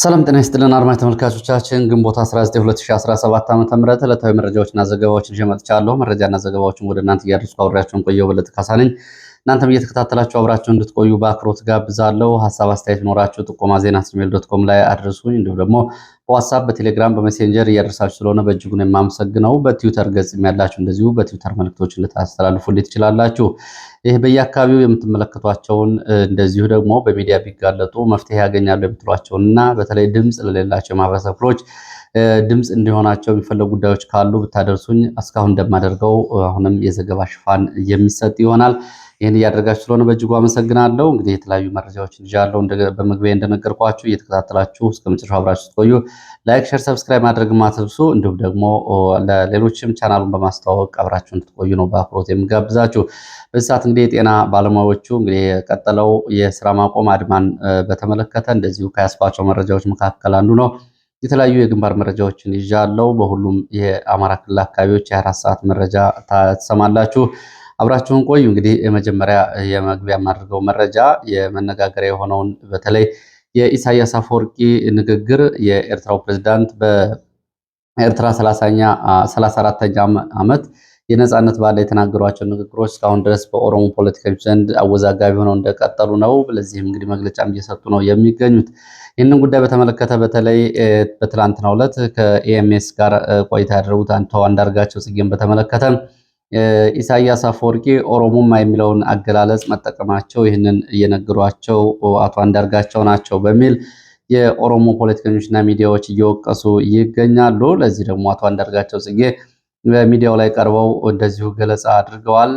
ሰላም ጤና ይስጥልን አድማጭ ተመልካቾቻችን፣ ግንቦት 19 2017 ዓ.ም ተመረተ ዕለታዊ መረጃዎችና ዘገባዎችን ይዤ መጥቻለሁ። መረጃና ዘገባዎችን ወደ እናንተ እያደረስኩ አውሬያቸውን ቆየው በለጠ ካሳ ነኝ። እናንተም እየተከታተላችሁ አብራችሁ እንድትቆዩ በአክብሮት ጋብዛለሁ። ሀሳብ አስተያየት ኖራችሁ ጥቆማ ዜና ጂሜል ዶት ኮም ላይ አድርሱኝ። እንዲሁም ደግሞ በዋትሳፕ በቴሌግራም በሜሴንጀር እያደረሳችሁ ስለሆነ በእጅጉን የማመሰግነው። በትዊተር ገጽ ያላችሁ እንደዚሁ በትዊተር ልታስተላልፉ ልታስተላልፉልኝ ትችላላችሁ። ይህ በየአካባቢው የምትመለከቷቸውን እንደዚሁ ደግሞ በሚዲያ ቢጋለጡ መፍትሄ ያገኛሉ የምትሏቸውን እና በተለይ ድምፅ ለሌላቸው የማህበረሰብ ክፍሎች ድምፅ እንዲሆናቸው የሚፈለጉ ጉዳዮች ካሉ ብታደርሱኝ እስካሁን እንደማደርገው አሁንም የዘገባ ሽፋን የሚሰጥ ይሆናል። ይህን እያደረጋችሁ ስለሆነ በእጅጉ አመሰግናለሁ። እንግዲህ የተለያዩ መረጃዎችን ይዣለሁ። በመግቢያ እንደነገርኳችሁ እየተከታተላችሁ እስከ መጨረሻ አብራችሁ ስትቆዩ ላይክ፣ ሸር፣ ሰብስክራይብ ማድረግ ማትብሱ፣ እንዲሁም ደግሞ ለሌሎችም ቻናሉን በማስተዋወቅ አብራችሁ እንድትቆዩ ነው በአክብሮት የምጋብዛችሁ። በዚህ ሰዓት እንግዲህ የጤና ባለሙያዎቹ እንግዲህ የቀጠለው የስራ ማቆም አድማን በተመለከተ እንደዚሁ ከያስባቸው መረጃዎች መካከል አንዱ ነው። የተለያዩ የግንባር መረጃዎችን ይዣለሁ። በሁሉም የአማራ ክልል አካባቢዎች የአራት ሰዓት መረጃ ትሰማላችሁ። አብራችሁን ቆዩ። እንግዲህ መጀመሪያ የመግቢያ የማድርገው መረጃ የመነጋገሪያ የሆነውን በተለይ የኢሳያስ አፈወርቂ ንግግር የኤርትራው ፕሬዝዳንት በኤርትራ 34 ተኛ ዓመት የነፃነት በዓል ላይ የተናገሯቸው ንግግሮች እስካሁን ድረስ በኦሮሞ ፖለቲከኞች ዘንድ አወዛጋቢ ሆነው እንደቀጠሉ ነው። ለዚህም እንግዲህ መግለጫም እየሰጡ ነው የሚገኙት። ይህንን ጉዳይ በተመለከተ በተለይ በትላንትናው ዕለት ከኤምኤስ ጋር ቆይታ ያደረጉት አንተው አንዳርጋቸው ጽጌን በተመለከተ ኢሳያስ አፈወርቂ ኦሮሞማ የሚለውን አገላለጽ መጠቀማቸው ይህንን እየነገሯቸው አቶ አንዳርጋቸው ናቸው በሚል የኦሮሞ ፖለቲከኞችና ሚዲያዎች እየወቀሱ ይገኛሉ። ለዚህ ደግሞ አቶ አንዳርጋቸው ጽጌ በሚዲያው ላይ ቀርበው እንደዚሁ ገለጻ አድርገዋል።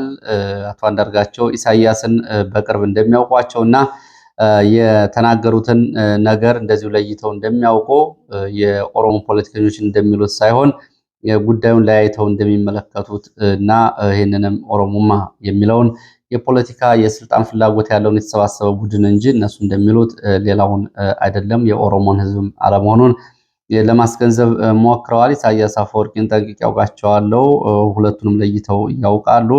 አቶ አንዳርጋቸው ኢሳያስን በቅርብ እንደሚያውቋቸው እና የተናገሩትን ነገር እንደዚሁ ለይተው እንደሚያውቁ የኦሮሞ ፖለቲከኞች እንደሚሉት ሳይሆን ጉዳዩን ለያይተው እንደሚመለከቱት እና ይህንንም ኦሮሞማ የሚለውን የፖለቲካ የስልጣን ፍላጎት ያለውን የተሰባሰበ ቡድን እንጂ እነሱ እንደሚሉት ሌላውን አይደለም የኦሮሞን ህዝብ አለመሆኑን ለማስገንዘብ ሞክረዋል። ኢሳያስ አፈወርቂን ጠንቅቅ ያውቃቸዋለው። ሁለቱንም ለይተው ያውቃሉ።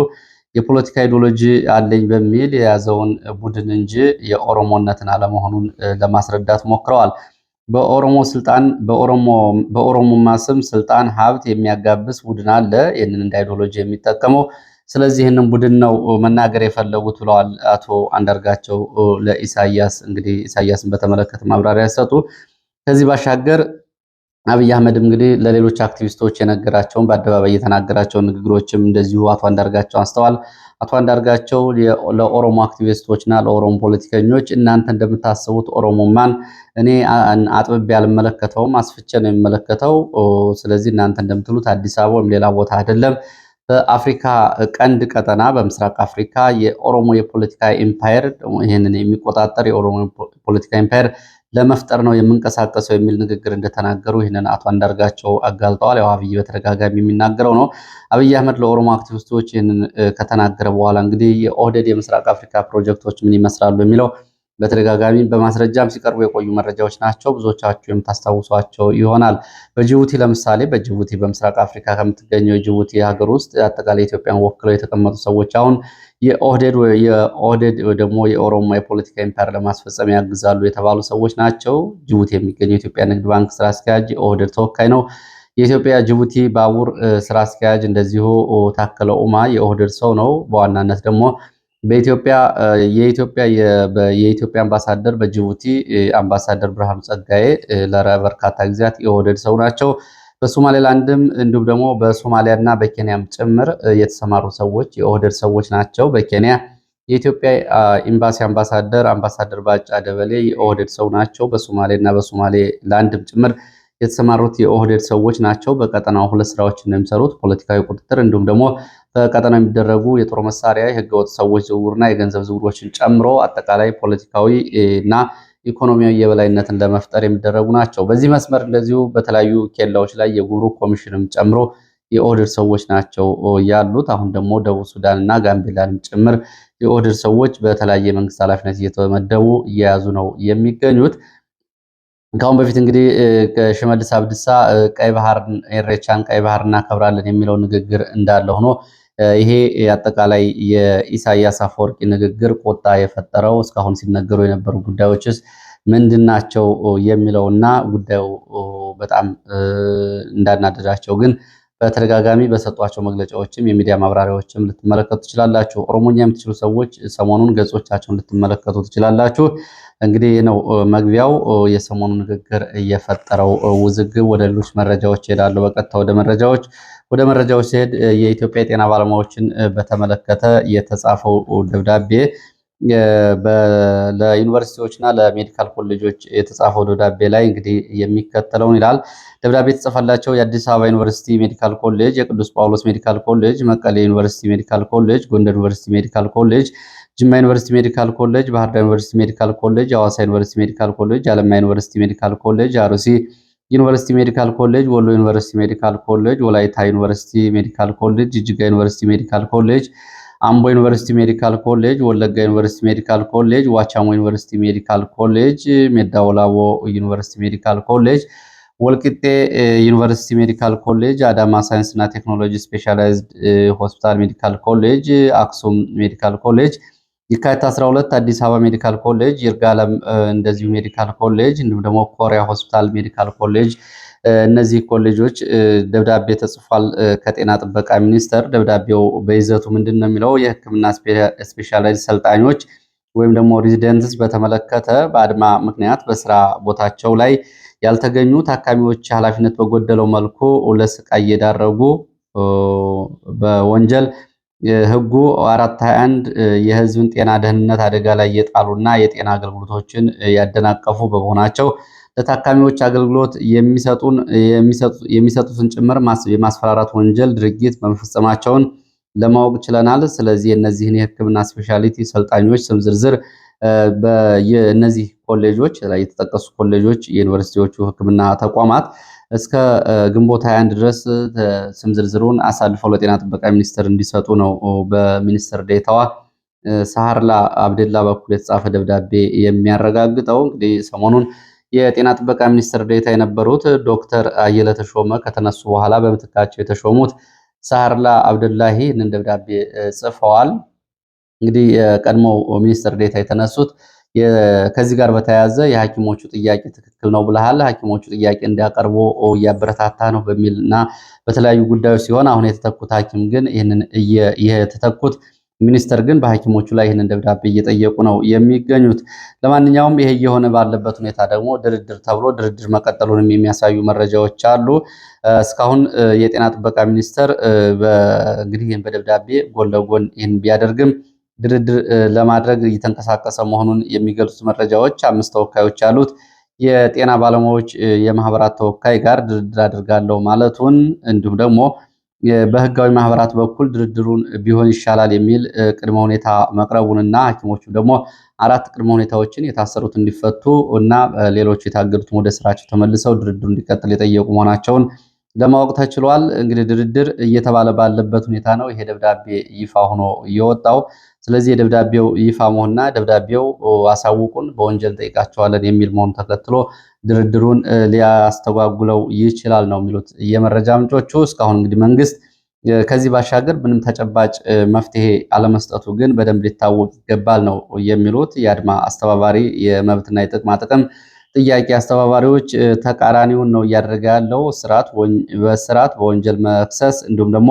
የፖለቲካ ኢዲዮሎጂ አለኝ በሚል የያዘውን ቡድን እንጂ የኦሮሞነትን አለመሆኑን ለማስረዳት ሞክረዋል። በኦሮሞ ስልጣን በኦሮሞማ ስም ስልጣን ሀብት የሚያጋብስ ቡድን አለ። ይህንን እንደ አይዲዮሎጂ የሚጠቀመው ስለዚህ ይህንን ቡድን ነው መናገር የፈለጉት ብለዋል አቶ አንዳርጋቸው ለኢሳያስ። እንግዲህ ኢሳያስን በተመለከተ ማብራሪያ ሰጡ። ከዚህ ባሻገር አብይ አህመድ እንግዲህ ለሌሎች አክቲቪስቶች የነገራቸውን በአደባባይ የተናገራቸውን ንግግሮችም እንደዚሁ አቶ አንዳርጋቸው አንስተዋል። አቶ አንዳርጋቸው ለኦሮሞ አክቲቪስቶችና ለኦሮሞ ፖለቲከኞች እናንተ እንደምታስቡት ኦሮሞማን እኔ አጥብቤ አልመለከተውም፣ አስፍቼ ነው የሚመለከተው። ስለዚህ እናንተ እንደምትሉት አዲስ አበባ ወይም ሌላ ቦታ አይደለም። በአፍሪካ ቀንድ ቀጠና በምስራቅ አፍሪካ የኦሮሞ የፖለቲካ ኢምፓየር ይህንን የሚቆጣጠር የኦሮሞ ፖለቲካ ኢምፓየር ለመፍጠር ነው የምንቀሳቀሰው የሚል ንግግር እንደተናገሩ ይህንን አቶ አንዳርጋቸው አጋልጠዋል። ያው አብይ በተደጋጋሚ የሚናገረው ነው። አብይ አህመድ ለኦሮሞ አክቲቪስቶች ይህንን ከተናገረ በኋላ እንግዲህ የኦህደድ የምስራቅ አፍሪካ ፕሮጀክቶች ምን ይመስላሉ የሚለው በተደጋጋሚ በማስረጃም ሲቀርቡ የቆዩ መረጃዎች ናቸው። ብዙዎቻችሁ የምታስታውሷቸው ይሆናል። በጅቡቲ ለምሳሌ በጅቡቲ በምስራቅ አፍሪካ ከምትገኘው የጅቡቲ ሀገር ውስጥ አጠቃላይ ኢትዮጵያን ወክለው የተቀመጡ ሰዎች አሁን የኦህዴድ የኦህዴድ ደግሞ የኦሮሞ የፖለቲካ ኢምፓየር ለማስፈጸም ያግዛሉ የተባሉ ሰዎች ናቸው። ጅቡቲ የሚገኘው የኢትዮጵያ ንግድ ባንክ ስራ አስኪያጅ የኦህዴድ ተወካይ ነው። የኢትዮጵያ ጅቡቲ ባቡር ስራ አስኪያጅ እንደዚሁ ታከለ ኡማ የኦህዴድ ሰው ነው። በዋናነት ደግሞ በኢትዮጵያ የኢትዮጵያ አምባሳደር በጅቡቲ አምባሳደር ብርሃኑ ጸጋዬ ለበርካታ ጊዜያት የኦህዴድ ሰው ናቸው። በሶማሌላንድም እንዲሁም ደግሞ በሶማሊያ እና በኬንያም ጭምር የተሰማሩ ሰዎች የኦህደድ ሰዎች ናቸው። በኬንያ የኢትዮጵያ ኤምባሲ አምባሳደር አምባሳደር ባጫ ደበሌ የኦህደድ ሰው ናቸው። በሶማሌ እና ላንድም ጭምር የተሰማሩት የኦህደድ ሰዎች ናቸው። በቀጠናው ሁለት ስራዎች እንደሚሰሩት የሚሰሩት፣ ፖለቲካዊ ቁጥጥር እንዲሁም ደግሞ በቀጠናው የሚደረጉ የጦር መሳሪያ የህገወጥ ሰዎች ዝውውርና የገንዘብ ዝውውሮችን ጨምሮ አጠቃላይ ፖለቲካዊ እና ኢኮኖሚያዊ የበላይነትን ለመፍጠር የሚደረጉ ናቸው። በዚህ መስመር እንደዚሁ በተለያዩ ኬላዎች ላይ የጉምሩክ ኮሚሽንም ጨምሮ የኦህዴድ ሰዎች ናቸው ያሉት። አሁን ደግሞ ደቡብ ሱዳን እና ጋምቤላንም ጭምር የኦህዴድ ሰዎች በተለያየ መንግስት ኃላፊነት እየተመደቡ እየያዙ ነው የሚገኙት። ከአሁን በፊት እንግዲህ ሽመልስ አብዲሳ ቀይ ባህር ኤሬቻን ቀይ ባህር እናከብራለን የሚለው ንግግር እንዳለ ሆኖ ይሄ አጠቃላይ የኢሳያስ አፈወርቂ ንግግር ቆጣ የፈጠረው እስካሁን ሲነገሩ የነበሩ ጉዳዮችስ ምንድናቸው እና ጉዳዩ በጣም እንዳናደዳቸው ግን በተደጋጋሚ በሰጧቸው መግለጫዎችም የሚዲያ ማብራሪያዎችም ልትመለከቱ ትችላላችሁ። ኦሮሞኛ የምትችሉ ሰዎች ሰሞኑን ገጾቻቸውን ልትመለከቱ ትችላላችሁ። እንግዲህ ነው መግቢያው። የሰሞኑ ንግግር እየፈጠረው ውዝግብ ወደ ሌሎች መረጃዎች ይሄዳሉ። በቀጥታ ወደ መረጃዎች ወደ መረጃዎች ሲሄድ የኢትዮጵያ የጤና ባለሙያዎችን በተመለከተ የተጻፈው ደብዳቤ ለዩኒቨርሲቲዎችና ለሜዲካል ኮሌጆች የተጻፈው ደብዳቤ ላይ እንግዲህ የሚከተለውን ይላል። ደብዳቤ የተጻፈላቸው የአዲስ አበባ ዩኒቨርሲቲ ሜዲካል ኮሌጅ፣ የቅዱስ ጳውሎስ ሜዲካል ኮሌጅ፣ መቀሌ ዩኒቨርሲቲ ሜዲካል ኮሌጅ፣ ጎንደር ዩኒቨርሲቲ ሜዲካል ኮሌጅ፣ ጅማ ዩኒቨርሲቲ ሜዲካል ኮሌጅ፣ ባህርዳር ዩኒቨርሲቲ ሜዲካል ኮሌጅ፣ አዋሳ ዩኒቨርሲቲ ሜዲካል ኮሌጅ፣ አለማ ዩኒቨርሲቲ ሜዲካል ኮሌጅ፣ አሩሲ ዩኒቨርሲቲ ሜዲካል ኮሌጅ፣ ወሎ ዩኒቨርሲቲ ሜዲካል ኮሌጅ፣ ወላይታ ዩኒቨርሲቲ ሜዲካል ኮሌጅ፣ ጅጅጋ ዩኒቨርሲቲ ሜዲካል ኮሌጅ፣ አምቦ ዩኒቨርሲቲ ሜዲካል ኮሌጅ፣ ወለጋ ዩኒቨርሲቲ ሜዲካል ኮሌጅ፣ ዋቻሞ ዩኒቨርሲቲ ሜዲካል ኮሌጅ፣ ሜዳ ወላቦ ዩኒቨርሲቲ ሜዲካል ኮሌጅ፣ ወልቂጤ ዩኒቨርሲቲ ሜዲካል ኮሌጅ፣ አዳማ ሳይንስና ቴክኖሎጂ ስፔሻላይዝድ ሆስፒታል ሜዲካል ኮሌጅ፣ አክሱም ሜዲካል ኮሌጅ የካቲት 12 አዲስ አበባ ሜዲካል ኮሌጅ፣ ይርጋለም እንደዚሁ ሜዲካል ኮሌጅ እንዲሁም ደግሞ ኮሪያ ሆስፒታል ሜዲካል ኮሌጅ እነዚህ ኮሌጆች ደብዳቤ ተጽፏል ከጤና ጥበቃ ሚኒስቴር። ደብዳቤው በይዘቱ ምንድን ነው የሚለው የሕክምና ስፔሻላይዝ ሰልጣኞች ወይም ደግሞ ሬዚደንትስ በተመለከተ በአድማ ምክንያት በስራ ቦታቸው ላይ ያልተገኙ ታካሚዎች ኃላፊነት በጎደለው መልኩ ለስቃይ እየዳረጉ በወንጀል ህጉ 421 የህዝብን ጤና ደህንነት አደጋ ላይ የጣሉና የጤና አገልግሎቶችን ያደናቀፉ በመሆናቸው ለታካሚዎች አገልግሎት የሚሰጡትን ጭምር የማስፈራራት ወንጀል ድርጊት በመፈጸማቸውን ለማወቅ ችለናል። ስለዚህ እነዚህን የህክምና ስፔሻሊቲ ሰልጣኞች ስም ዝርዝር በእነዚህ ኮሌጆች የተጠቀሱ ኮሌጆች፣ የዩኒቨርሲቲዎቹ ህክምና ተቋማት እስከ ግንቦት 21 ድረስ ስም ዝርዝሩን አሳልፈው ለጤና ጥበቃ ሚኒስቴር እንዲሰጡ ነው በሚኒስትር ዴታዋ ሳህርላ አብደላ በኩል የተጻፈ ደብዳቤ የሚያረጋግጠው። እንግዲህ ሰሞኑን የጤና ጥበቃ ሚኒስትር ዴታ የነበሩት ዶክተር አየለ ተሾመ ከተነሱ በኋላ በምትካቸው የተሾሙት ሳህርላ አብደላሂ ይህንን ደብዳቤ ጽፈዋል። እንግዲህ የቀድሞው ሚኒስትር ዴታ የተነሱት ከዚህ ጋር በተያያዘ የሐኪሞቹ ጥያቄ ትክክል ነው ብለሃል። ሐኪሞቹ ጥያቄ እንዲያቀርቡ እያበረታታ ነው በሚል እና በተለያዩ ጉዳዮች ሲሆን አሁን የተተኩት ሐኪም ግን ይህንን የተተኩት ሚኒስተር ግን በሐኪሞቹ ላይ ይህንን ደብዳቤ እየጠየቁ ነው የሚገኙት። ለማንኛውም ይሄ እየሆነ ባለበት ሁኔታ ደግሞ ድርድር ተብሎ ድርድር መቀጠሉንም የሚያሳዩ መረጃዎች አሉ። እስካሁን የጤና ጥበቃ ሚኒስተር እንግዲህ ይህን በደብዳቤ ጎን ለጎን ይህን ቢያደርግም ድርድር ለማድረግ እየተንቀሳቀሰ መሆኑን የሚገልጹት መረጃዎች አምስት ተወካዮች ያሉት የጤና ባለሙያዎች የማህበራት ተወካይ ጋር ድርድር አድርጋለሁ ማለቱን እንዲሁም ደግሞ በህጋዊ ማህበራት በኩል ድርድሩን ቢሆን ይሻላል የሚል ቅድመ ሁኔታ መቅረቡንና ሐኪሞቹም ደግሞ አራት ቅድመ ሁኔታዎችን የታሰሩት እንዲፈቱ እና ሌሎች የታገዱትን ወደ ስራቸው ተመልሰው ድርድሩ እንዲቀጥል የጠየቁ መሆናቸውን ለማወቅ ተችሏል። እንግዲህ ድርድር እየተባለ ባለበት ሁኔታ ነው ይሄ ደብዳቤ ይፋ ሆኖ የወጣው። ስለዚህ የደብዳቤው ይፋ መሆንና ደብዳቤው አሳውቁን በወንጀል ጠይቃቸዋለን የሚል መሆኑ ተከትሎ ድርድሩን ሊያስተጓጉለው ይችላል ነው የሚሉት የመረጃ ምንጮቹ። እስካሁን እንግዲህ መንግስት ከዚህ ባሻገር ምንም ተጨባጭ መፍትሄ አለመስጠቱ ግን በደንብ ሊታወቅ ይገባል ነው የሚሉት የአድማ አስተባባሪ የመብትና የጥቅማ ጥቅም ጥያቄ አስተባባሪዎች ተቃራኒውን ነው እያደረገ ያለው። በስርዓት በወንጀል መክሰስ እንዲሁም ደግሞ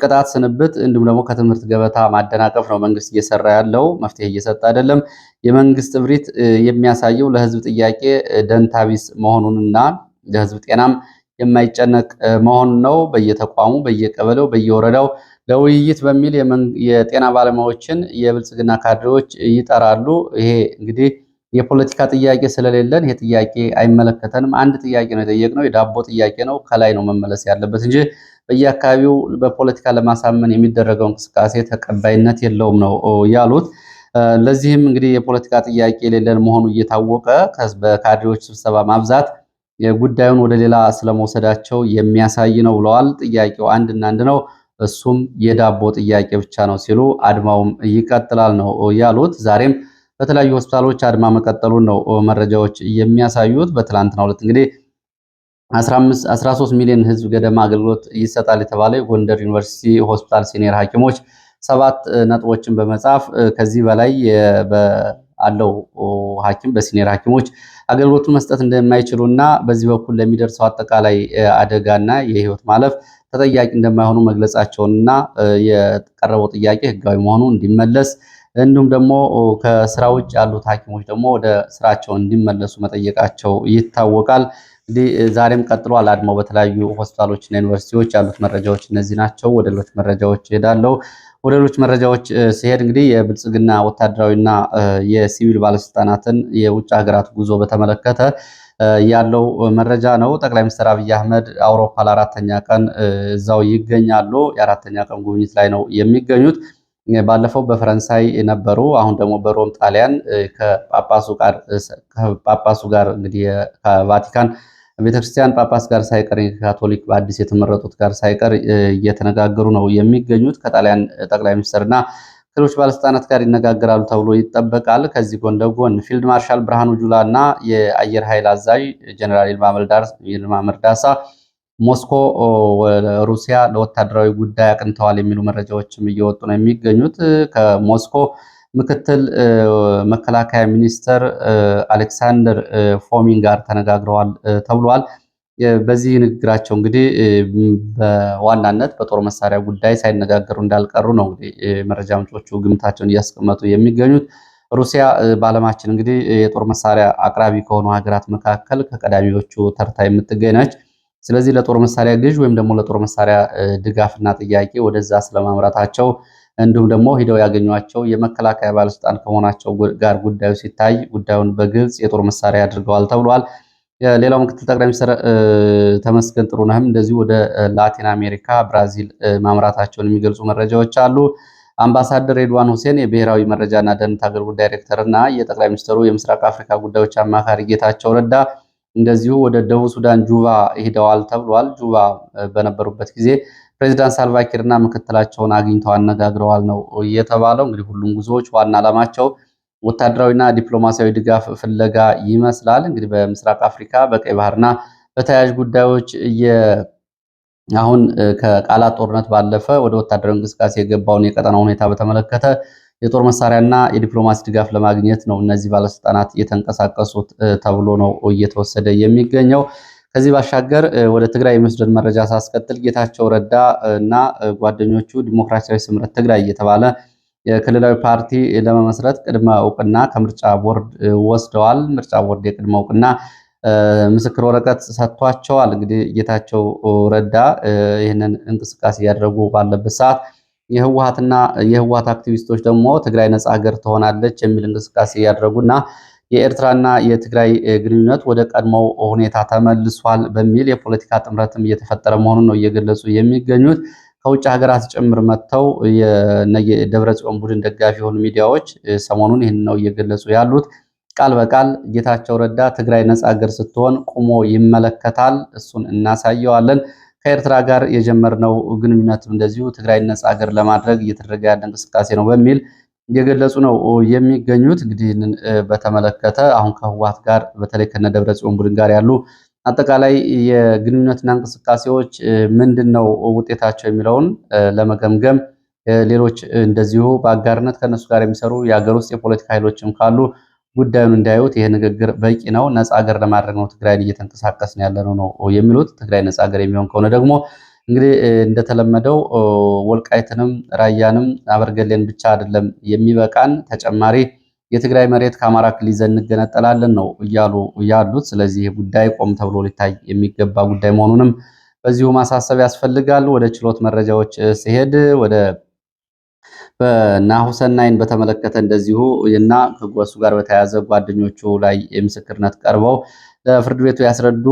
ቅጣት፣ ስንብት እንዲሁም ደግሞ ከትምህርት ገበታ ማደናቀፍ ነው መንግስት እየሰራ ያለው። መፍትሄ እየሰጠ አይደለም። የመንግስት እብሪት የሚያሳየው ለህዝብ ጥያቄ ደንታቢስ መሆኑንና ለህዝብ ጤናም የማይጨነቅ መሆኑን ነው። በየተቋሙ በየቀበሌው፣ በየወረዳው ለውይይት በሚል የጤና ባለሙያዎችን የብልጽግና ካድሬዎች ይጠራሉ። ይሄ እንግዲህ የፖለቲካ ጥያቄ ስለሌለን ይሄ ጥያቄ አይመለከተንም። አንድ ጥያቄ ነው የጠየቅነው፣ የዳቦ ጥያቄ ነው። ከላይ ነው መመለስ ያለበት እንጂ በየአካባቢው በፖለቲካ ለማሳመን የሚደረገው እንቅስቃሴ ተቀባይነት የለውም ነው ያሉት። ለዚህም እንግዲህ የፖለቲካ ጥያቄ የሌለን መሆኑ እየታወቀ በካድሬዎች ስብሰባ ማብዛት ጉዳዩን ወደ ሌላ ስለመውሰዳቸው የሚያሳይ ነው ብለዋል። ጥያቄው አንድና አንድ ነው፣ እሱም የዳቦ ጥያቄ ብቻ ነው ሲሉ አድማውም ይቀጥላል ነው ያሉት ዛሬም በተለያዩ ሆስፒታሎች አድማ መቀጠሉን ነው መረጃዎች የሚያሳዩት። በትላንትናው ዕለት እንግዲህ 13 ሚሊዮን ህዝብ ገደማ አገልግሎት ይሰጣል የተባለ የጎንደር ዩኒቨርሲቲ ሆስፒታል ሲኒየር ሐኪሞች ሰባት ነጥቦችን በመጻፍ ከዚህ በላይ አለው ሐኪም በሲኒየር ሐኪሞች አገልግሎቱን መስጠት እንደማይችሉ እና በዚህ በኩል ለሚደርሰው አጠቃላይ አደጋና የህይወት ማለፍ ተጠያቂ እንደማይሆኑ መግለጻቸውንና የቀረበው ጥያቄ ህጋዊ መሆኑ እንዲመለስ እንዲሁም ደግሞ ከስራ ውጭ ያሉት ሐኪሞች ደግሞ ወደ ስራቸው እንዲመለሱ መጠየቃቸው ይታወቃል። እንግዲህ ዛሬም ቀጥሏል አድማው በተለያዩ ሆስፒታሎችና ዩኒቨርሲቲዎች ያሉት መረጃዎች እነዚህ ናቸው። ወደ ሌሎች መረጃዎች ይሄዳለው። ወደ ሌሎች መረጃዎች ሲሄድ እንግዲህ የብልጽግና ወታደራዊና የሲቪል ባለስልጣናትን የውጭ ሀገራት ጉዞ በተመለከተ ያለው መረጃ ነው። ጠቅላይ ሚኒስትር አብይ አህመድ አውሮፓ ለአራተኛ ቀን እዛው ይገኛሉ። የአራተኛ ቀን ጉብኝት ላይ ነው የሚገኙት። ባለፈው በፈረንሳይ ነበሩ። አሁን ደግሞ በሮም ጣሊያን ከጳጳሱ ጋር እንግዲህ ከቫቲካን ቤተክርስቲያን ጳጳስ ጋር ሳይቀር ካቶሊክ በአዲስ የተመረጡት ጋር ሳይቀር እየተነጋገሩ ነው የሚገኙት። ከጣሊያን ጠቅላይ ሚኒስትርና ሌሎች ባለስልጣናት ጋር ይነጋገራሉ ተብሎ ይጠበቃል። ከዚህ ጎን ለጎን ፊልድ ማርሻል ብርሃኑ ጁላ እና የአየር ኃይል አዛዥ ጀኔራል ይልማ መርዳሳ ሞስኮ ሩሲያ ለወታደራዊ ጉዳይ አቅንተዋል የሚሉ መረጃዎችም እየወጡ ነው የሚገኙት። ከሞስኮ ምክትል መከላከያ ሚኒስተር አሌክሳንደር ፎሚን ጋር ተነጋግረዋል ተብሏል። በዚህ ንግግራቸው እንግዲህ በዋናነት በጦር መሳሪያ ጉዳይ ሳይነጋገሩ እንዳልቀሩ ነው እንግዲህ መረጃ ምንጮቹ ግምታቸውን እያስቀመጡ የሚገኙት። ሩሲያ በዓለማችን እንግዲህ የጦር መሳሪያ አቅራቢ ከሆኑ ሀገራት መካከል ከቀዳሚዎቹ ተርታ የምትገኝ ነች። ስለዚህ ለጦር መሳሪያ ግዥ ወይም ደግሞ ለጦር መሳሪያ ድጋፍና ጥያቄ ወደዛ ስለማምራታቸው እንዲሁም ደግሞ ሂደው ያገኟቸው የመከላከያ ባለስልጣን ከመሆናቸው ጋር ጉዳዩ ሲታይ ጉዳዩን በግልጽ የጦር መሳሪያ አድርገዋል ተብሏል። ሌላው ምክትል ጠቅላይ ሚኒስትር ተመስገን ጥሩነህም እንደዚሁ ወደ ላቲን አሜሪካ ብራዚል ማምራታቸውን የሚገልጹ መረጃዎች አሉ። አምባሳደር ሬድዋን ሁሴን የብሔራዊ መረጃና ደህንነት አገልግሎት ዳይሬክተር እና የጠቅላይ ሚኒስትሩ የምስራቅ አፍሪካ ጉዳዮች አማካሪ ጌታቸው ረዳ እንደዚሁ ወደ ደቡብ ሱዳን ጁባ ሄደዋል ተብሏል። ጁባ በነበሩበት ጊዜ ፕሬዚዳንት ሳልቫኪርና ምክትላቸውን አግኝተው አነጋግረዋል ነው እየተባለው። እንግዲህ ሁሉም ጉዞዎች ዋና ዓላማቸው ወታደራዊና ዲፕሎማሲያዊ ድጋፍ ፍለጋ ይመስላል። እንግዲህ በምስራቅ አፍሪካ በቀይ ባህርና በተያያዥ ጉዳዮች አሁን ከቃላት ጦርነት ባለፈ ወደ ወታደራዊ እንቅስቃሴ የገባውን የቀጠና ሁኔታ በተመለከተ የጦር መሳሪያና የዲፕሎማሲ ድጋፍ ለማግኘት ነው እነዚህ ባለስልጣናት የተንቀሳቀሱት ተብሎ ነው እየተወሰደ የሚገኘው። ከዚህ ባሻገር ወደ ትግራይ የሚወስደን መረጃ ሳስቀጥል ጌታቸው ረዳ እና ጓደኞቹ ዲሞክራሲያዊ ስምረት ትግራይ እየተባለ የክልላዊ ፓርቲ ለመመስረት ቅድመ እውቅና ከምርጫ ቦርድ ወስደዋል። ምርጫ ቦርድ የቅድመ እውቅና ምስክር ወረቀት ሰጥቷቸዋል። እንግዲህ ጌታቸው ረዳ ይህንን እንቅስቃሴ እያደረጉ ባለበት ሰዓት የህወሀትና የህወሀት አክቲቪስቶች ደግሞ ትግራይ ነጻ ሀገር ትሆናለች የሚል እንቅስቃሴ ያደረጉና የኤርትራና የትግራይ ግንኙነት ወደ ቀድሞው ሁኔታ ተመልሷል በሚል የፖለቲካ ጥምረትም እየተፈጠረ መሆኑን ነው እየገለጹ የሚገኙት። ከውጭ ሀገራት ጭምር መጥተው የደብረጽዮን ቡድን ደጋፊ የሆኑ ሚዲያዎች ሰሞኑን ይህን ነው እየገለጹ ያሉት። ቃል በቃል ጌታቸው ረዳ ትግራይ ነጻ ሀገር ስትሆን ቁሞ ይመለከታል፣ እሱን እናሳየዋለን ከኤርትራ ጋር የጀመርነው ግንኙነት እንደዚሁ ትግራይ ነጻ ሀገር ለማድረግ እየተደረገ ያለ እንቅስቃሴ ነው በሚል እየገለጹ ነው የሚገኙት። እንግዲህ ይህንን በተመለከተ አሁን ከህወሓት ጋር በተለይ ከነ ደብረ ጽዮን ቡድን ጋር ያሉ አጠቃላይ የግንኙነትና እንቅስቃሴዎች ምንድን ነው ውጤታቸው የሚለውን ለመገምገም ሌሎች እንደዚሁ በአጋርነት ከእነሱ ጋር የሚሰሩ የሀገር ውስጥ የፖለቲካ ኃይሎችም ካሉ ጉዳዩን እንዳዩት ይሄ ንግግር በቂ ነው፣ ነፃ ሀገር ለማድረግ ነው ትግራይን እየተንቀሳቀስን ያለ ነው ነው የሚሉት። ትግራይ ነፃ ሀገር የሚሆን ከሆነ ደግሞ እንግዲህ እንደተለመደው ወልቃይትንም ራያንም አበርገሌን ብቻ አይደለም የሚበቃን ተጨማሪ የትግራይ መሬት ከአማራ ክልል ይዘን እንገነጠላለን ነው እያሉ ያሉት። ስለዚህ ጉዳይ ቆም ተብሎ ሊታይ የሚገባ ጉዳይ መሆኑንም በዚሁ ማሳሰብ ያስፈልጋል። ወደ ችሎት መረጃዎች ሲሄድ ወደ በናሁሰናይን በተመለከተ እንደዚሁ እና ከጎሱ ጋር በተያያዘ ጓደኞቹ ላይ የምስክርነት ቀርበው ለፍርድ ቤቱ ያስረዱ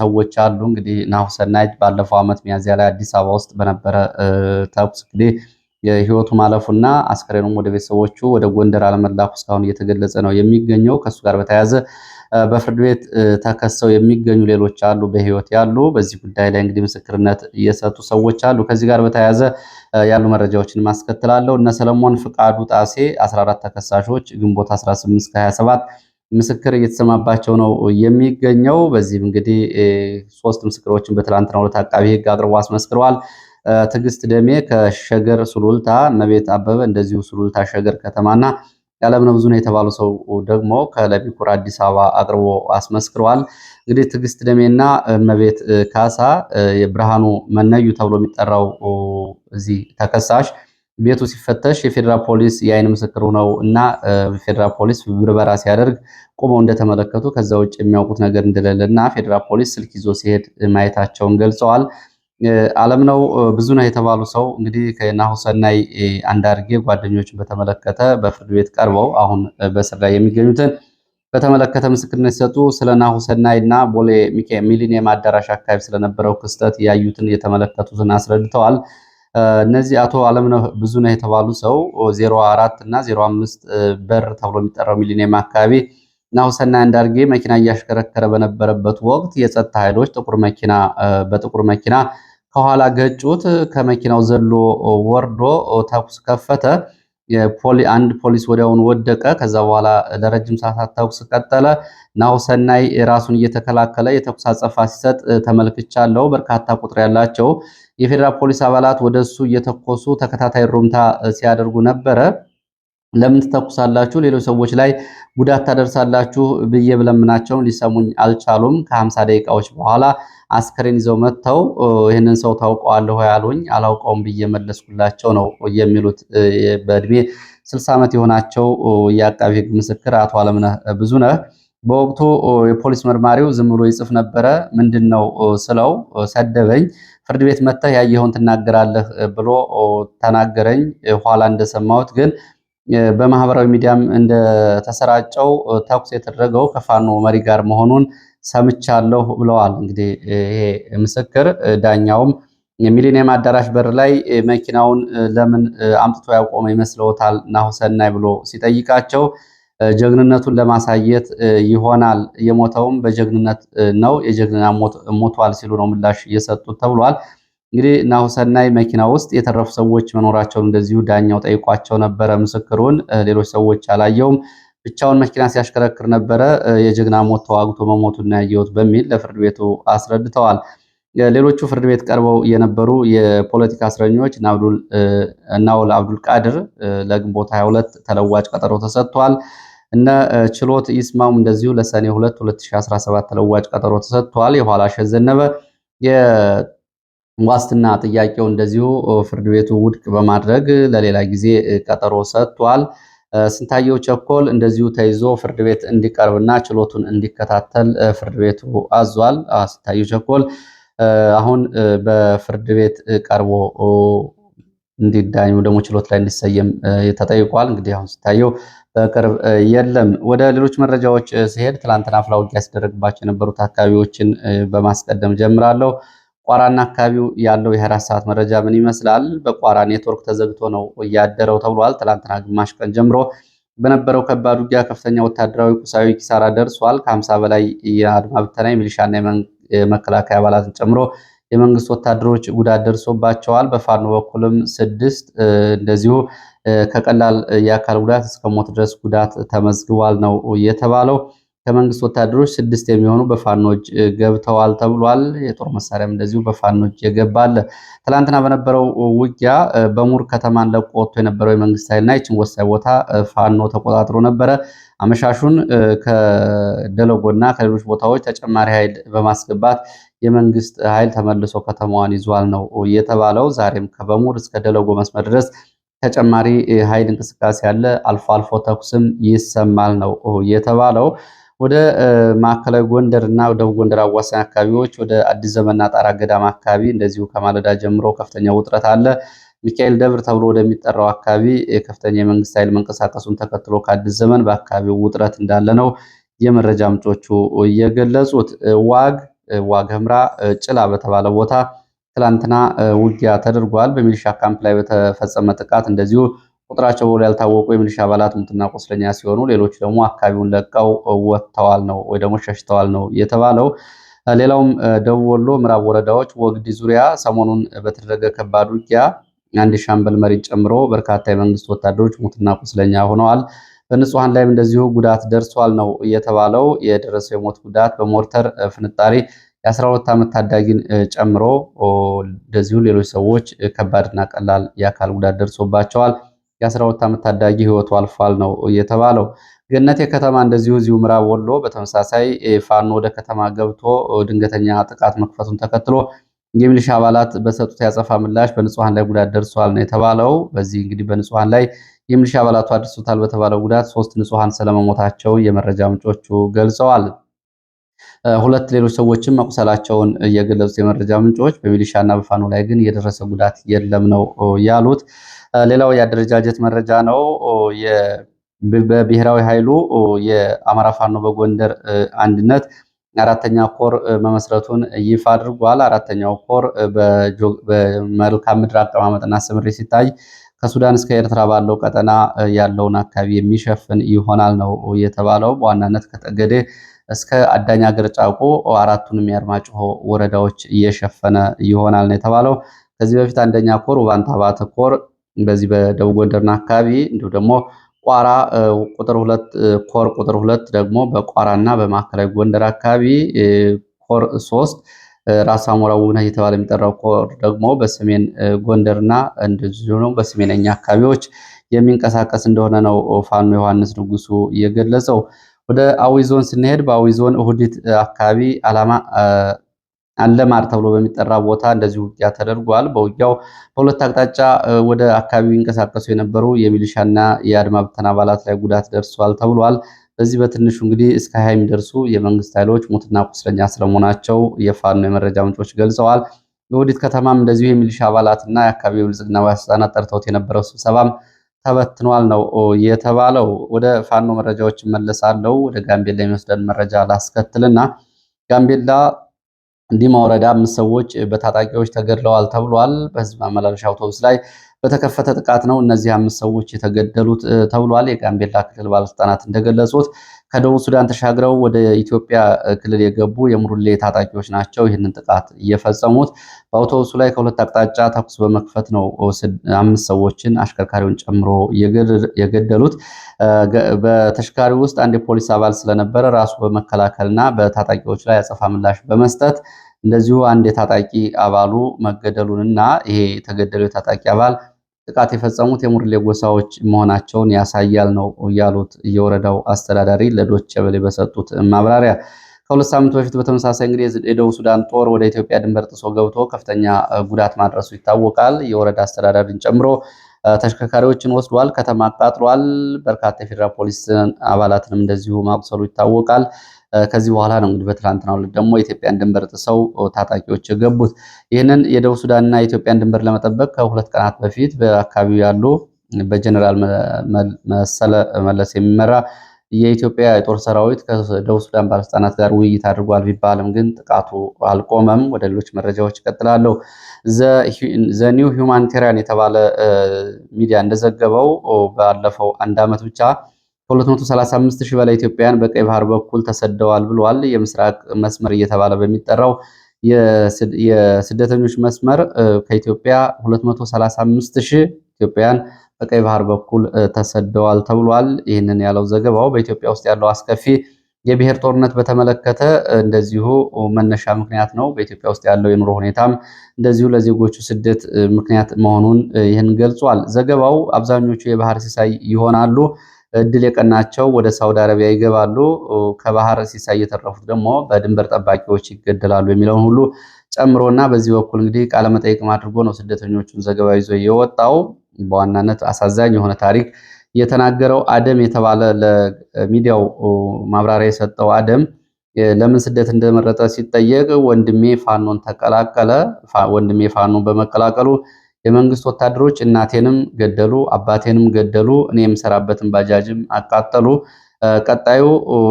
ሰዎች አሉ። እንግዲህ ናሁሰናይ ባለፈው ዓመት ሚያዚያ ላይ አዲስ አበባ ውስጥ በነበረ ተኩስ እንግዲህ የህይወቱ ማለፉና አስከሬኑም ወደ ቤተሰቦቹ ወደ ጎንደር አለመላኩ እስካሁን እየተገለጸ ነው የሚገኘው። ከእሱ ጋር በተያያዘ በፍርድ ቤት ተከሰው የሚገኙ ሌሎች አሉ፣ በህይወት ያሉ። በዚህ ጉዳይ ላይ እንግዲህ ምስክርነት እየሰጡ ሰዎች አሉ። ከዚህ ጋር በተያያዘ ያሉ መረጃዎችን ማስከትላለሁ። እነ ሰለሞን ፍቃዱ ጣሴ 14 ተከሳሾች ግንቦት 18 27 ምስክር እየተሰማባቸው ነው የሚገኘው። በዚህም እንግዲህ ሶስት ምስክሮችን በትላንትና ዕለት አቃቢ ህግ አቅርቦ አስመስክረዋል። ትዕግስት ደሜ ከሸገር ሱሉልታ፣ መቤት አበበ እንደዚሁ ሱሉልታ ሸገር ከተማና ብዙ ነው የተባሉ ሰው ደግሞ ከለሚኩራ አዲስ አበባ አቅርቦ አስመስክረዋል። እንግዲህ ትዕግስት ደሜና እመቤት ካሳ የብርሃኑ መነዩ ተብሎ የሚጠራው እዚህ ተከሳሽ ቤቱ ሲፈተሽ የፌዴራል ፖሊስ የአይን ምስክር ሆነው እና ፌዴራል ፖሊስ ብርበራ ሲያደርግ ቆመው እንደተመለከቱ ከዛ ውጭ የሚያውቁት ነገር እንደሌለ እና ፌዴራል ፖሊስ ስልክ ይዞ ሲሄድ ማየታቸውን ገልጸዋል። አለም ብዙ ብዙነህ የተባሉ ሰው እንግዲህ ከናሁሰናይ አንዳርጌ ጓደኞችን በተመለከተ በፍርድ ቤት ቀርበው አሁን በስር ላይ የሚገኙትን በተመለከተ ምስክርነት ሲሰጡ ስለ ናሁሰናይ እና ቦሌ ሚሊኒየም አዳራሽ አካባቢ ስለነበረው ክስተት ያዩትን የተመለከቱትን አስረድተዋል። እነዚህ አቶ አለምነው ነው የተባሉ ሰው ዜሮ እና 05 በር ተብሎ የሚጠራው ሚሊኒየም አካባቢ ናሁሰናይ አንዳርጌ መኪና እያሽከረከረ በነበረበት ወቅት የጸጥታ ኃይሎች ጥቁር መኪና በጥቁር መኪና ከኋላ ገጩት። ከመኪናው ዘሎ ወርዶ ተኩስ ከፈተ። አንድ ፖሊስ ወዲያውን ወደቀ። ከዛ በኋላ ለረጅም ሰዓታት ተኩስ ቀጠለ። ናሁሰናይ ራሱን እየተከላከለ የተኩስ አጸፋ ሲሰጥ ተመልክቻለሁ። በርካታ ቁጥር ያላቸው የፌዴራል ፖሊስ አባላት ወደሱ እየተኮሱ ተከታታይ ሩምታ ሲያደርጉ ነበረ። ለምን ትተኩሳላችሁ? ሌሎች ሰዎች ላይ ጉዳት ታደርሳላችሁ ብዬ ብለምናቸው ሊሰሙኝ አልቻሉም። ከሀምሳ ደቂቃዎች በኋላ አስከሬን ይዘው መጥተው ይህንን ሰው ታውቀዋለሁ ያሉኝ አላውቀውም ብዬ መለስኩላቸው ነው የሚሉት በእድሜ ስልሳ ዓመት የሆናቸው የአቃቢ ህግ ምስክር አቶ አለምነህ ነህ። በወቅቱ የፖሊስ መርማሪው ዝም ብሎ ይጽፍ ነበረ። ምንድን ነው ስለው ሰደበኝ። ፍርድ ቤት መጥተህ ያየኸውን ትናገራለህ ብሎ ተናገረኝ። ኋላ እንደሰማሁት ግን በማህበራዊ ሚዲያም እንደተሰራጨው ተኩስ የተደረገው ከፋኖ መሪ ጋር መሆኑን ሰምቻለሁ ብለዋል። እንግዲህ ይሄ ምስክር ዳኛውም የሚሊኒየም አዳራሽ በር ላይ መኪናውን ለምን አምጥቶ ያቆመ ይመስለውታል ናሁሰናይ ብሎ ሲጠይቃቸው ጀግንነቱን ለማሳየት ይሆናል፣ የሞተውም በጀግንነት ነው፣ የጀግንና ሞቷል ሲሉ ነው ምላሽ እየሰጡት ተብሏል። እንግዲህ ናሁሰናይ መኪና ውስጥ የተረፉ ሰዎች መኖራቸውን እንደዚሁ ዳኛው ጠይቋቸው ነበረ። ምስክሩን ሌሎች ሰዎች አላየውም፣ ብቻውን መኪና ሲያሽከረክር ነበረ፣ የጀግና ሞት ተዋግቶ መሞቱን ያየሁት በሚል ለፍርድ ቤቱ አስረድተዋል። ሌሎቹ ፍርድ ቤት ቀርበው የነበሩ የፖለቲካ እስረኞች እናውል አብዱል ቃድር ለግንቦት 22 ተለዋጭ ቀጠሮ ተሰጥቷል። እነ ችሎት ይስማም እንደዚሁ ለሰኔ 2 2017 ተለዋጭ ቀጠሮ ተሰጥቷል። የኋላሸት ዘነበ ዋስትና ጥያቄው እንደዚሁ ፍርድ ቤቱ ውድቅ በማድረግ ለሌላ ጊዜ ቀጠሮ ሰጥቷል። ስንታየው ቸኮል እንደዚሁ ተይዞ ፍርድ ቤት እንዲቀርብና ችሎቱን እንዲከታተል ፍርድ ቤቱ አዟል። ስንታየው ቸኮል አሁን በፍርድ ቤት ቀርቦ እንዲዳኝ ደግሞ ችሎት ላይ እንዲሰየም ተጠይቋል። እንግዲህ አሁን ስንታየው በቅርብ የለም። ወደ ሌሎች መረጃዎች ሲሄድ ትላንትና አፍላ ውጊያ ሲደረግባቸው የነበሩት አካባቢዎችን በማስቀደም ጀምራለሁ። ቋራና አካባቢው ያለው የሀያ ሰዓት መረጃ ምን ይመስላል? በቋራ ኔትወርክ ተዘግቶ ነው እያደረው ተብሏል። ትላንትና ግማሽ ቀን ጀምሮ በነበረው ከባድ ውጊያ ከፍተኛ ወታደራዊ ቁሳዊ ኪሳራ ደርሷል። ከ50 በላይ የአድማ ብተና የሚሊሻና የመከላከያ አባላትን ጨምሮ የመንግስት ወታደሮች ጉዳት ደርሶባቸዋል። በፋኖ በኩልም ስድስት እንደዚሁ ከቀላል የአካል ጉዳት እስከ ሞት ድረስ ጉዳት ተመዝግቧል ነው የተባለው። ከመንግስት ወታደሮች ስድስት የሚሆኑ በፋኖች ገብተዋል ተብሏል። የጦር መሳሪያም እንደዚሁ በፋኖች የገባል። ትላንትና በነበረው ውጊያ በሙር ከተማን ለቆ ወጥቶ የነበረው የመንግስት ኃይልና ይችን ወሳኝ ቦታ ፋኖ ተቆጣጥሮ ነበረ። አመሻሹን ከደለጎና ከሌሎች ቦታዎች ተጨማሪ ኃይል በማስገባት የመንግስት ኃይል ተመልሶ ከተማዋን ይዟል ነው የተባለው። ዛሬም ከበሙር እስከ ደለጎ መስመር ድረስ ተጨማሪ ኃይል እንቅስቃሴ አለ። አልፎ አልፎ ተኩስም ይሰማል ነው የተባለው። ወደ ማዕከላዊ ጎንደር እና ደቡብ ጎንደር አዋሳኝ አካባቢዎች ወደ አዲስ ዘመንና ጣራ ገዳም አካባቢ እንደዚሁ ከማለዳ ጀምሮ ከፍተኛ ውጥረት አለ። ሚካኤል ደብር ተብሎ ወደሚጠራው አካባቢ ከፍተኛ የመንግስት ኃይል መንቀሳቀሱን ተከትሎ ከአዲስ ዘመን በአካባቢው ውጥረት እንዳለ ነው የመረጃ ምንጮቹ የገለጹት። ዋግ ዋግ ህምራ ጭላ በተባለ ቦታ ትላንትና ውጊያ ተደርጓል። በሚሊሻ ካምፕ ላይ በተፈጸመ ጥቃት እንደዚሁ ቁጥራቸው በውል ያልታወቁ የሚሊሻ አባላት ሙትና ቁስለኛ ሲሆኑ ሌሎች ደግሞ አካባቢውን ለቀው ወጥተዋል ነው ወይ ደግሞ ሸሽተዋል ነው የተባለው። ሌላውም ደቡብ ወሎ ምዕራብ ወረዳዎች ወግዲ ዙሪያ ሰሞኑን በተደረገ ከባድ ውጊያ አንድ ሻምበል መሪ ጨምሮ በርካታ የመንግስት ወታደሮች ሙትና ቁስለኛ ሆነዋል። በንጹሐን ላይም እንደዚሁ ጉዳት ደርሷል ነው የተባለው። የደረሰው የሞት ጉዳት በሞርተር ፍንጣሪ የ12 ዓመት ታዳጊን ጨምሮ እንደዚሁ ሌሎች ሰዎች ከባድና ቀላል የአካል ጉዳት ደርሶባቸዋል። የ12 ዓመት ታዳጊ ህይወቱ አልፏል ነው የተባለው። ገነት የከተማ እንደዚሁ እዚሁ ምዕራብ ወሎ በተመሳሳይ ፋኖ ወደ ከተማ ገብቶ ድንገተኛ ጥቃት መክፈቱን ተከትሎ የሚሊሻ አባላት በሰጡት ያጸፋ ምላሽ በንጹሐን ላይ ጉዳት ደርሷል ነው የተባለው። በዚህ እንግዲህ በንጹሐን ላይ የሚሊሻ አባላቱ አድርሶታል በተባለው ጉዳት ሶስት ንጹሐን ስለመሞታቸው የመረጃ ምንጮቹ ገልጸዋል። ሁለት ሌሎች ሰዎችም መቁሰላቸውን የገለጹት የመረጃ ምንጮች በሚሊሻና በፋኖ ላይ ግን የደረሰ ጉዳት የለም ነው ያሉት። ሌላው የአደረጃጀት መረጃ ነው። በብሔራዊ ኃይሉ የአማራ ፋኖ በጎንደር አንድነት አራተኛ ኮር መመስረቱን ይፋ አድርጓል። አራተኛው ኮር በመልካም ምድር አቀማመጥና ስምሪ ሲታይ ከሱዳን እስከ ኤርትራ ባለው ቀጠና ያለውን አካባቢ የሚሸፍን ይሆናል ነው የተባለው በዋናነት ከጠገዴ እስከ አዳኛ ሀገር ጫቆ አራቱንም የአርማጭሆ ወረዳዎች እየሸፈነ ይሆናል ነው የተባለው። ከዚህ በፊት አንደኛ ኮር ውባንታ ኮር በዚህ በደቡብ ጎንደርና አካባቢ እንዲሁ ደግሞ ቋራ ቁጥር ሁለት ኮር ቁጥር ሁለት ደግሞ በቋራና በማዕከላዊ ጎንደር አካባቢ ኮር ሶስት ራስ አሞራ ውብነህ እየተባለ የሚጠራው ኮር ደግሞ በሰሜን ጎንደርና እንደዚሁ በሰሜነኛ አካባቢዎች የሚንቀሳቀስ እንደሆነ ነው ፋኖ ዮሐንስ ንጉሱ እየገለጸው ወደ አዊ ዞን ስንሄድ በአዊ ዞን እሁዲት አካባቢ አላማ አለማር ተብሎ በሚጠራ ቦታ እንደዚሁ ውጊያ ተደርጓል። በውጊያው በሁለት አቅጣጫ ወደ አካባቢው ይንቀሳቀሱ የነበሩ የሚሊሻና የአድማ ብተና አባላት ላይ ጉዳት ደርሷል ተብሏል። በዚህ በትንሹ እንግዲህ እስከ ሀያ የሚደርሱ የመንግስት ኃይሎች ሙትና ቁስለኛ ስለመሆናቸው የፋኖ የመረጃ ምንጮች ገልጸዋል። የወዲት ከተማም እንደዚሁ የሚሊሻ አባላትና የአካባቢው ብልጽግና ባለስልጣናት ጠርተውት የነበረው ስብሰባም ተበትኗል ነው የተባለው። ወደ ፋኖ መረጃዎች መለሳለው። ወደ ጋምቤላ የሚወስደን መረጃ ላስከትልና ጋምቤላ ዲማ ወረዳ አምስት ሰዎች በታጣቂዎች ተገድለዋል ተብሏል። በህዝብ ማመላለሻ አውቶቡስ ላይ በተከፈተ ጥቃት ነው እነዚህ አምስት ሰዎች የተገደሉት ተብሏል። የጋምቤላ ክልል ባለስልጣናት እንደገለጹት ከደቡብ ሱዳን ተሻግረው ወደ ኢትዮጵያ ክልል የገቡ የሙርሌ ታጣቂዎች ናቸው ይህንን ጥቃት እየፈጸሙት። በአውቶቡሱ ላይ ከሁለት አቅጣጫ ተኩስ በመክፈት ነው አምስት ሰዎችን አሽከርካሪውን ጨምሮ የገደሉት። በተሽከርካሪው ውስጥ አንድ የፖሊስ አባል ስለነበረ ራሱ በመከላከልና በታጣቂዎች ላይ አጸፋ ምላሽ በመስጠት እንደዚሁ አንድ የታጣቂ አባሉ መገደሉንና ይሄ የተገደለው የታጣቂ አባል ጥቃት የፈጸሙት የሙርሌ ጎሳዎች መሆናቸውን ያሳያል ነው ያሉት የወረዳው አስተዳዳሪ ለዶቼ ቬለ በሰጡት ማብራሪያ። ከሁለት ሳምንት በፊት በተመሳሳይ እንግዲህ የደቡብ ሱዳን ጦር ወደ ኢትዮጵያ ድንበር ጥሶ ገብቶ ከፍተኛ ጉዳት ማድረሱ ይታወቃል። የወረዳ አስተዳዳሪን ጨምሮ ተሽከርካሪዎችን ወስዷል፣ ከተማ አቃጥሏል፣ በርካታ የፌዴራል ፖሊስ አባላትንም እንደዚሁ ማቁሰሉ ይታወቃል። ከዚህ በኋላ ነው እንግዲህ በትላንትናው ዕለት ደግሞ የኢትዮጵያን ድንበር ጥሰው ታጣቂዎች የገቡት። ይህንን የደቡብ ሱዳንና የኢትዮጵያን ድንበር ለመጠበቅ ከሁለት ቀናት በፊት በአካባቢው ያሉ በጀኔራል መሰለ መለስ የሚመራ የኢትዮጵያ የጦር ሰራዊት ከደቡብ ሱዳን ባለስልጣናት ጋር ውይይት አድርጓል ቢባልም ግን ጥቃቱ አልቆመም። ወደ ሌሎች መረጃዎች ቀጥላለሁ ዘ ኒው ሁማኒቴሪያን የተባለ ሚዲያ እንደዘገበው ባለፈው አንድ ዓመት ብቻ ከ235 ሺህ በላይ ኢትዮጵያውያን በቀይ ባህር በኩል ተሰደዋል ብሏል። የምስራቅ መስመር እየተባለ በሚጠራው የስደተኞች መስመር ከኢትዮጵያ 235 ሺህ ኢትዮጵያውያን በቀይ ባህር በኩል ተሰደዋል ተብሏል። ይህንን ያለው ዘገባው በኢትዮጵያ ውስጥ ያለው አስከፊ የብሔር ጦርነት በተመለከተ እንደዚሁ መነሻ ምክንያት ነው። በኢትዮጵያ ውስጥ ያለው የኑሮ ሁኔታም እንደዚሁ ለዜጎቹ ስደት ምክንያት መሆኑን ይህን ገልጿል ዘገባው። አብዛኞቹ የባህር ሲሳይ ይሆናሉ እድል የቀናቸው ወደ ሳውዲ አረቢያ ይገባሉ። ከባህር ሲሳይ የተረፉት ደግሞ በድንበር ጠባቂዎች ይገደላሉ የሚለውን ሁሉ ጨምሮና በዚህ በኩል እንግዲህ ቃለመጠይቅም አድርጎ ነው ስደተኞቹን ዘገባ ይዞ የወጣው። በዋናነት አሳዛኝ የሆነ ታሪክ የተናገረው አደም የተባለ ለሚዲያው ማብራሪያ የሰጠው አደም ለምን ስደት እንደመረጠ ሲጠየቅ ወንድሜ ፋኖን ተቀላቀለ፣ ወንድሜ ፋኖን በመቀላቀሉ የመንግስት ወታደሮች እናቴንም ገደሉ፣ አባቴንም ገደሉ፣ እኔ የምሰራበትን ባጃጅም አቃጠሉ። ቀጣዩ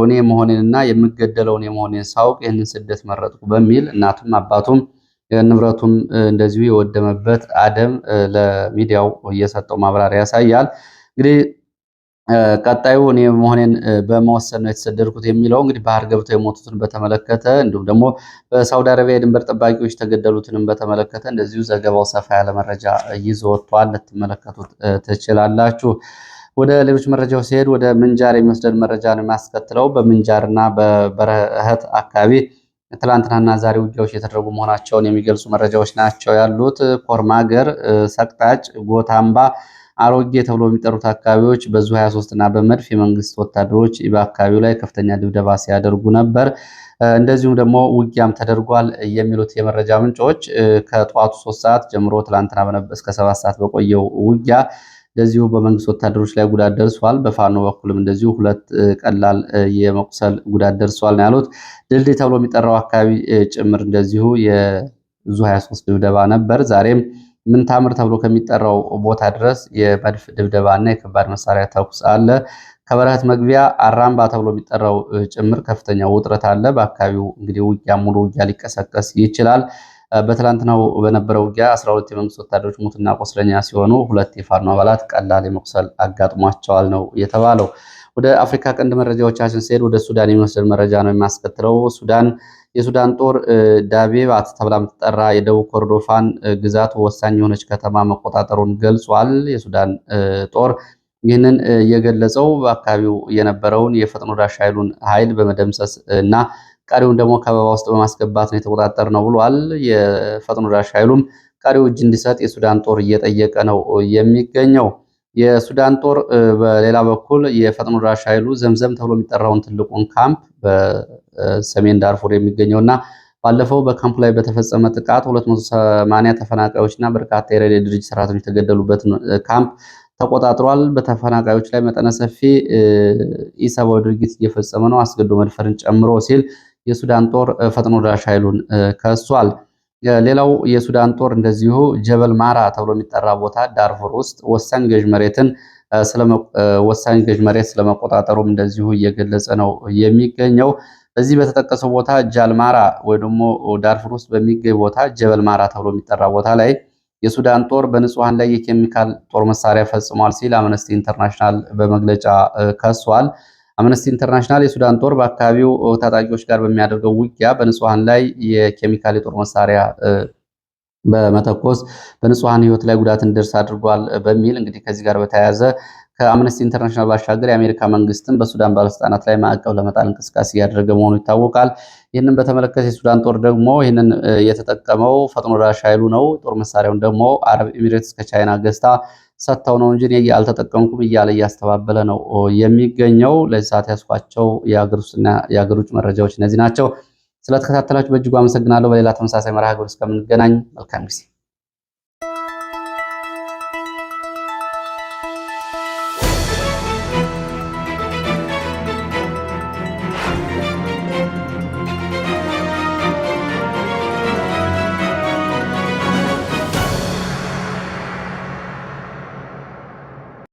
እኔ መሆኔንና የምገደለው እኔ መሆኔን ሳውቅ ይህንን ስደት መረጥኩ በሚል እናቱም አባቱም ንብረቱም እንደዚሁ የወደመበት አደም ለሚዲያው እየሰጠው ማብራሪያ ያሳያል እንግዲህ ቀጣዩ እኔ መሆኔን በመወሰን ነው የተሰደድኩት የሚለው እንግዲህ ባህር ገብተው የሞቱትን በተመለከተ እንዲሁም ደግሞ በሳውዲ አረቢያ የድንበር ጠባቂዎች የተገደሉትንም በተመለከተ እንደዚሁ ዘገባው ሰፋ ያለ መረጃ ይዞ ወጥቷል። ልትመለከቱት ትችላላችሁ። ወደ ሌሎች መረጃዎች ሲሄድ ወደ ምንጃር የሚወስደን መረጃ ነው የሚያስከትለው። በምንጃርና በበረህት አካባቢ ትላንትናና ዛሬ ውጊያዎች የተደረጉ መሆናቸውን የሚገልጹ መረጃዎች ናቸው ያሉት። ኮርማገር፣ ሰቅጣጭ፣ ጎታምባ አሮጌ ተብሎ የሚጠሩት አካባቢዎች በዙ 23 እና በመድፍ የመንግስት ወታደሮች በአካባቢው ላይ ከፍተኛ ድብደባ ሲያደርጉ ነበር። እንደዚሁም ደግሞ ውጊያም ተደርጓል የሚሉት የመረጃ ምንጮች ከጠዋቱ ሶስት ሰዓት ጀምሮ ትላንትና እስከ ሰባት ሰዓት በቆየው ውጊያ እንደዚሁ በመንግስት ወታደሮች ላይ ጉዳት ደርሷል። በፋኖ በኩልም እንደዚሁ ሁለት ቀላል የመቁሰል ጉዳት ደርሷል ነው ያሉት። ድልድይ ተብሎ የሚጠራው አካባቢ ጭምር እንደዚሁ የዙ 23 ድብደባ ነበር ዛሬም ምንታምር ተብሎ ከሚጠራው ቦታ ድረስ የመድፍ ድብደባ እና የከባድ መሳሪያ ተኩስ አለ። ከበረሃት መግቢያ አራምባ ተብሎ የሚጠራው ጭምር ከፍተኛ ውጥረት አለ። በአካባቢው እንግዲህ ውጊያ ሙሉ ውጊያ ሊቀሰቀስ ይችላል። በትላንትናው በነበረው ውጊያ 12 የመንግስት ወታደሮች ሙትና ቆስለኛ ሲሆኑ ሁለት የፋኖ አባላት ቀላል የመቁሰል አጋጥሟቸዋል ነው የተባለው። ወደ አፍሪካ ቀንድ መረጃዎቻችን ሲሄድ ወደ ሱዳን የሚወስደን መረጃ ነው የሚያስከትለው ሱዳን የሱዳን ጦር ዳቤባት ተብላ የምትጠራ የደቡብ ኮርዶፋን ግዛት ወሳኝ የሆነች ከተማ መቆጣጠሩን ገልጿል። የሱዳን ጦር ይህንን የገለጸው በአካባቢው የነበረውን የፈጥኖ ደራሽ ኃይሉን ኃይል በመደምሰስ እና ቀሪውን ደግሞ ከበባ ውስጥ በማስገባት ነው የተቆጣጠር ነው ብሏል። የፈጥኖ ደራሽ ኃይሉም ቀሪው እጅ እንዲሰጥ የሱዳን ጦር እየጠየቀ ነው የሚገኘው። የሱዳን ጦር በሌላ በኩል የፈጥኖ ድራሽ ኃይሉ ዘምዘም ተብሎ የሚጠራውን ትልቁን ካምፕ በሰሜን ዳርፉር የሚገኘውና ባለፈው በካምፕ ላይ በተፈጸመ ጥቃት 280 ተፈናቃዮች እና በርካታ የረድኤት ድርጅት ሰራተኞች የተገደሉበትን ካምፕ ተቆጣጥሯል። በተፈናቃዮች ላይ መጠነ ሰፊ ኢሰብአዊ ድርጊት እየፈጸመ ነው፣ አስገድዶ መድፈርን ጨምሮ ሲል የሱዳን ጦር ፈጥኖ ድራሽ ኃይሉን ከሷል። ሌላው የሱዳን ጦር እንደዚሁ ጀበል ማራ ተብሎ የሚጠራ ቦታ ዳርፉር ውስጥ ወሳኝ ገዥ መሬትን ወሳኝ ገዥ መሬት ስለመቆጣጠሩም እንደዚሁ እየገለጸ ነው የሚገኘው። በዚህ በተጠቀሰው ቦታ ጃልማራ ወይ ደግሞ ዳርፉር ውስጥ በሚገኝ ቦታ ጀበል ማራ ተብሎ የሚጠራ ቦታ ላይ የሱዳን ጦር በንጹሐን ላይ የኬሚካል ጦር መሳሪያ ፈጽሟል ሲል አምነስቲ ኢንተርናሽናል በመግለጫ ከሷል። አምነስቲ ኢንተርናሽናል የሱዳን ጦር በአካባቢው ታጣቂዎች ጋር በሚያደርገው ውጊያ በንጹሐን ላይ የኬሚካል የጦር መሳሪያ በመተኮስ በንጹሐን ህይወት ላይ ጉዳት እንዲደርስ አድርጓል በሚል እንግዲህ ከዚህ ጋር በተያያዘ ከአምነስቲ ኢንተርናሽናል ባሻገር የአሜሪካ መንግስትም በሱዳን ባለስልጣናት ላይ ማዕቀብ ለመጣል እንቅስቃሴ እያደረገ መሆኑ ይታወቃል። ይህንን በተመለከተ የሱዳን ጦር ደግሞ ይህንን የተጠቀመው ፈጥኖ ደራሽ ኃይሉ ነው። ጦር መሳሪያውን ደግሞ አረብ ኤሚሬትስ ከቻይና ገዝታ ሰጥተው ነው እንጂ አልተጠቀምኩም እያለ እያስተባበለ ነው የሚገኘው። ለዚህ ሰዓት ያስኳቸው የአገር ውስጥና የአገር ውጭ መረጃዎች እነዚህ ናቸው። ስለተከታተላችሁ በእጅጉ አመሰግናለሁ። በሌላ ተመሳሳይ መርሃ ግብር እስከምንገናኝ መልካም ጊዜ